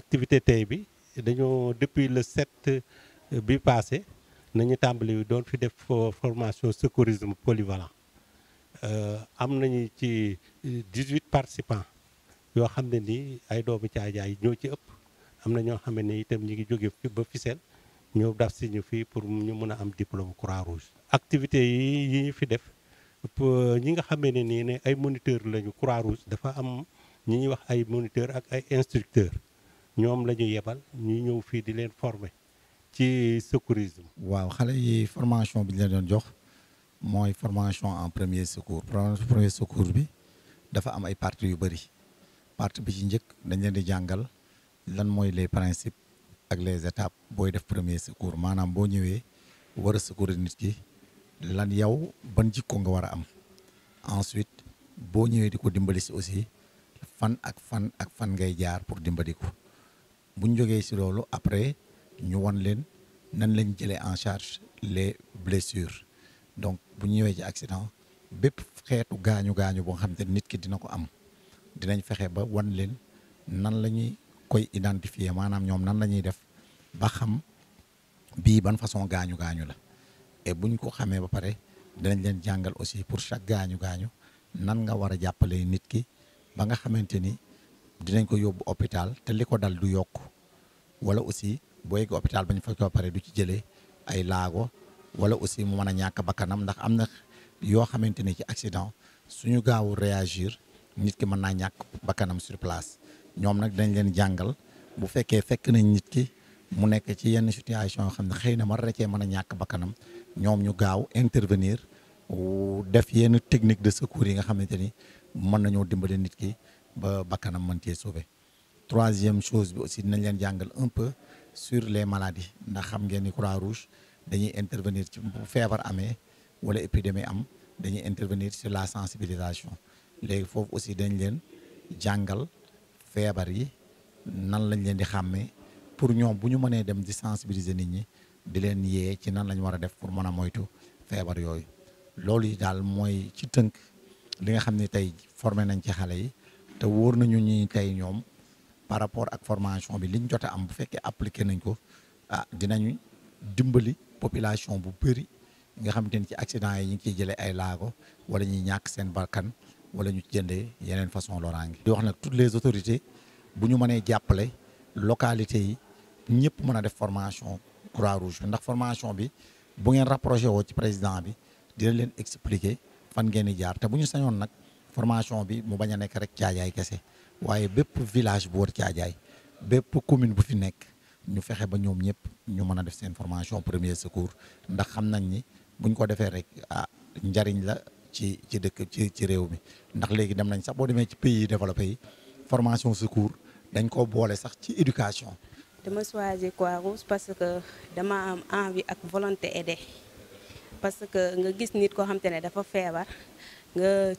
activité tey bi dañoo depuis le 7 euh, bi passé nañu tàmbali doon fi def formation secourisme polyvalent euh, am nañu ci 18 euh, participants yoo xam ne nii ay doomu caajaay yi ñoo ci ëpp am na ñoo xam ne ni itam ñi ngi jóge ba Fissel ñoo daf si ñu fii pour ñu mën a am diplôme croix rouge activité yi yi ñu fi def ñi nga xamee ne nii ne ay moniteur lañu croix rouge dafa am ñi ñuy wax ay moniteur ak ay instructeur ñoom la ñu yebal ñu ñëw fii di leen former ci secourisme. waaw xale yi formation bi ñu leen doon jox mooy formation en premier secours premier secours bi dafa am ay parties yu bëri partie bi ci njëkk dañ leen di jàngal lan mooy les principes ak les étapes booy def premier secours maanaam boo ñëwee wara a secourir nit ki lan yow ban jikko nga war a am ensuite boo ñëwee di ko dimbali si aussi fan ak fan ak fan ngay jaar pour dimbali ko bu jógee si loolu après ñu won leen nan lañ jëlee en charge les blessures donc bu ñëwee ci accident bépp xeetu gaañu gaañu boo xam te nit ki dina ko am dinañ fexe ba wan leen nan la ñuy koy identifier maanaam ñoom nan la ñuy def ba xam bii ban façon gaañu gaañu la buñ ko xamee ba pare dinañ leen jàngal aussi pour chaque gaañu gaañu nan nga war a jàppale nit ki ba nga xamante ni dinañ ko yóbbu hôpital te li ko dal du yokk wala aussi boo yeggee hôpital ba ñu faj pare du ci jëlee ay laago wala aussi mu mën a ñàkk bakkanam ndax am na yoo xamante ne ci accident suñu gaaw réagir nit ki mën naa ñàkk bakkanam sur place ñoom nag dañ leen jàngal bu fekkee fekk nañ nit ki mu nekk ci yenn situation yoo xam ne xëy na mën na cee mën a ñàkk bakkanam ñoom ñu gaaw intervenir def yenn technique de secours yi nga xamante ni mën nañoo dimbale nit ki ba bakkanam mën cee sauver troisième chose bi aussi dinañ leen jàngal un peu sur les maladies ndax xam ngeen ni Croix-Rouge dañuy intervenir ci bu feebar amee wala épidémie am dañuy intervenir sur la sensibilisation léegi foofu aussi dañ leen jàngal feebar yi nan lañ leen di xàmmee pour ñoom bu ñu mënee dem di sensibiliser nit ñi di leen yee ci nan lañ war a def pour mën a moytu feebar yooyu loolu yi daal mooy ci tënk li nga xam ne tey formé nañ ci xale yi te wóor nañu ñi tey ñoom par rapport ak formation bi liñ jot a am bu fekkee appliqué nañ ko ah dinañu dimbali population bu bëri nga xamante ni ci accident yi ñu ngi ciy jëlee ay laago wala ñuy ñàkk seen bakkan wala ñu jëndee yeneen façon loraange. di wax nag toutes les autorités bu ñu mënee localité yi ñëpp mën a def formation croix rouge bi ndax formation bi bu ngeen rapproché woo ci président bi dina leen expliquer fan ngeen di jaar te bu ñu formation bi mu baña nek rek tiajay kessé waaye bép village bu wër caajaay bépp commune bu fi nek ñu fexé ba ñom ñëpp ñu mëna def seen formation premier secours ndax xam nañ ni buñ ko défé rek ah njariñ la ci ci dëkk ci ci réew mi ndax légui dem nañ sax bo démé ci pays développé yi formation secours dañ ko bolé sax ci éducation. dama choisir Croix-Rouge parce que dama am envie ak volonté aider parce que nga gis nit ko xam dafa feebar nga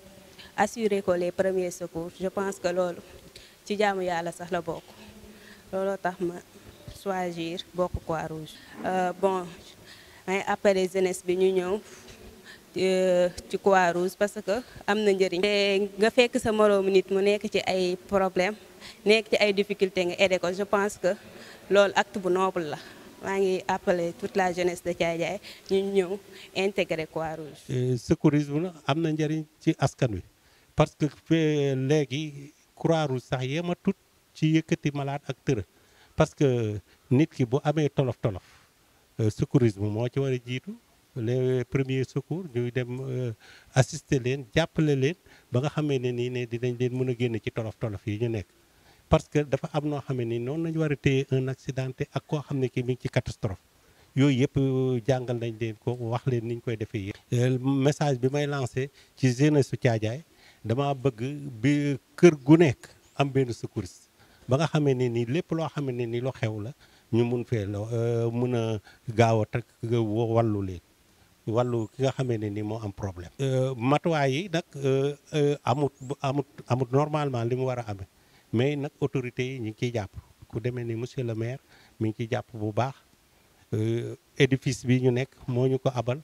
assurer ko les premiers secours je pense que loolu ci jaamu yalla sax la bok. Lolo tax ma choisir bokk quoi rouge euh, bon may appeler jeunesse bi ñu ñëw euh, ci quoi rouge parce que amna na nga fekk sa morom nit mu nekk ci ay problème nekk ci ay difficulté nga aider ko je pense que lolo acte bu noble la maa ngi appeler toute la jeunesse de Thiadiaye ñu ñëw intégrer quoi rouge secourisme amener. am ci parce que léegi Croix-Rouge sax yematut ci yëkkati malaat ak tëra parce que nit ki bu amee tolof tolof euh, secourisme moo ci war a jiitu le premier secours ñuy dem euh, assister leen jàppale leen ba nga xamee ne nii ne dinañ leen mën a génne ci tolof tolof yi ñu nekk parce que dafa am noo xamee ni noonu lañu war a téye un accidenté ak koo xam ne kii mi ngi ci catastrophe yooyu yëpp euh, jàngal nañ leen ko wax leen ni ñu koy defee yëpp message bi may lancé ci jeunesse su Thiadiaye dama bëgg bi kër gu nekk am benn secouriste ba nga xamee ne nii lépp loo xamee nii lu xew la ñu mun fee la euh, mun a gaaw a takk euh, wàllu leen wàllu ki nga xamee ne nii moo am problème. Euh, matuwaay yi nag amut amut amut normalement li mu war a amee mais nag autorité yi ñu ngi ciy jàpp ku demee ni monsieur le maire mu ngi ciy jàpp bu baax édifice bi ñu nekk moo ñu ko abal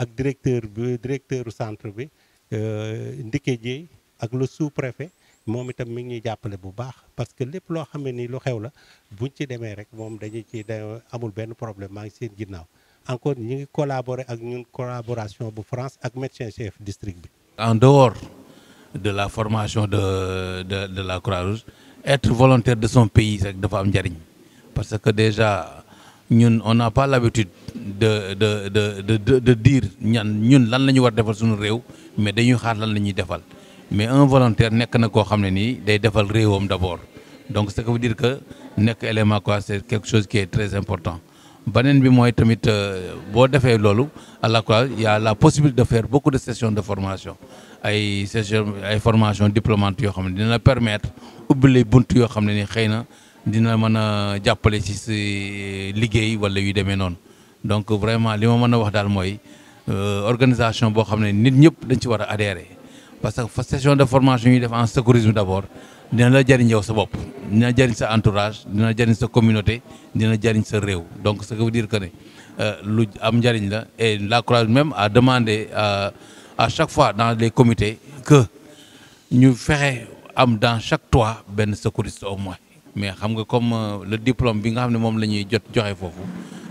ak directeur bi directeur centre bi. Euh, ndikkee jéey ak le sous-préfet moom itam mi ngi jappalé bu baax parce que lepp lo xamé ni lu xew la buñ ci démé rek mom dañuy ci amul ben problème ma ngi seen ginnaw encore ñi ngi collaborer ak ñun collaboration bu France ak médecin chef district bi. en dehors de la formation de de de la Croix-Rouge être volontaire de son pays rek dafa am jariñ parce que déjà ñun on n'a pas l'habitude de de de de de dire ñan ñun lan la ñu war defal suñu réew mais dañuy xaar lan defal mais un volontaire nekk na koo xam ne nii day defal d'abord donc ce qui veut dire que nekk élément quoi c'est quelque chose qui est très important Banen bi mooy tamit euh, boo defee loolu à la quoi il y a la possibilité de faire beaucoup de sessions de formation ay sessions ay formation diplômante yoo xam ne dina permettre ubbi lay bunt yoo dina mën jappalé jàppale ci si liggéey wala yu démé non donc vraiment li ma mën a wax daal mooy euh, organisation bo xamné nit ñëpp dañ ci wara parce que session de formation yu def en secourisme d'abord, dina la jëriñ yow sa bop dina jëriñ sa entourage dina jëriñ sa communauté dina jëriñ sa réew donc ce je veut dire que euh lu am njëriñ la et la croix même a demandé à chaque fois dans les comités que ñu fexé am dans chaque toit un secouriste au moins mais xam nga comme euh, le diplôme bi nga xam ne moom la ñuy jot joxe foofu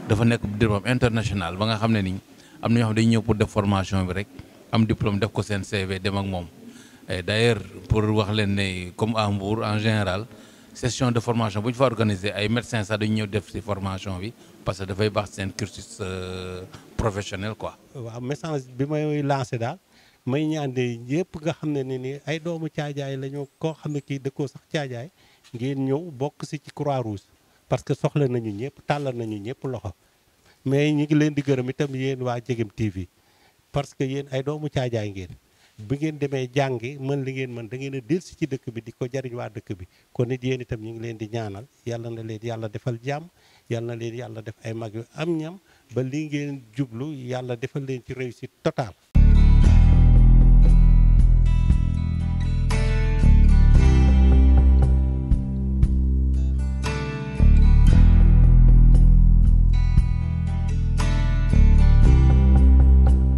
dafa nekk diplôme international ba nga xam ne ni am na ñoo xam ñëw pour def formation bi rek am diplôme def ko seen CV dem ak moom. d' pour wax leen ne comme à Mbour en général session de formation bu ñu fa ay médecins sax dañu ñëw def si formation bi parce que dafay baax seen cursus euh, professionnel quoi. waaw message bi may lancé daal. may ñaan de yëpp nga xam ne ni ay doomu caajaay lañu koo xam ne kii ko sax caajaay. ngeen ñëw bokk si ci croix rouge parce que soxla nañu ñëpp tàllal nañu ñëpp loxo mais ñu ngi leen di gërëm itam yéen waa Jegem TV parce que yéen ay doomu caajaay ngeen bi ngeen demee jàngi mën li ngeen mën da ngeen a dellusi ci dëkk bi di ko jariñ waa dëkk bi kon nit yéen itam ñu ngi leen di ñaanal yàlla na leen yàlla defal jàmm yàlla na leen yàlla def ay mag yu am ñam ba li ngeen jublu yàlla defal leen ci réussite totale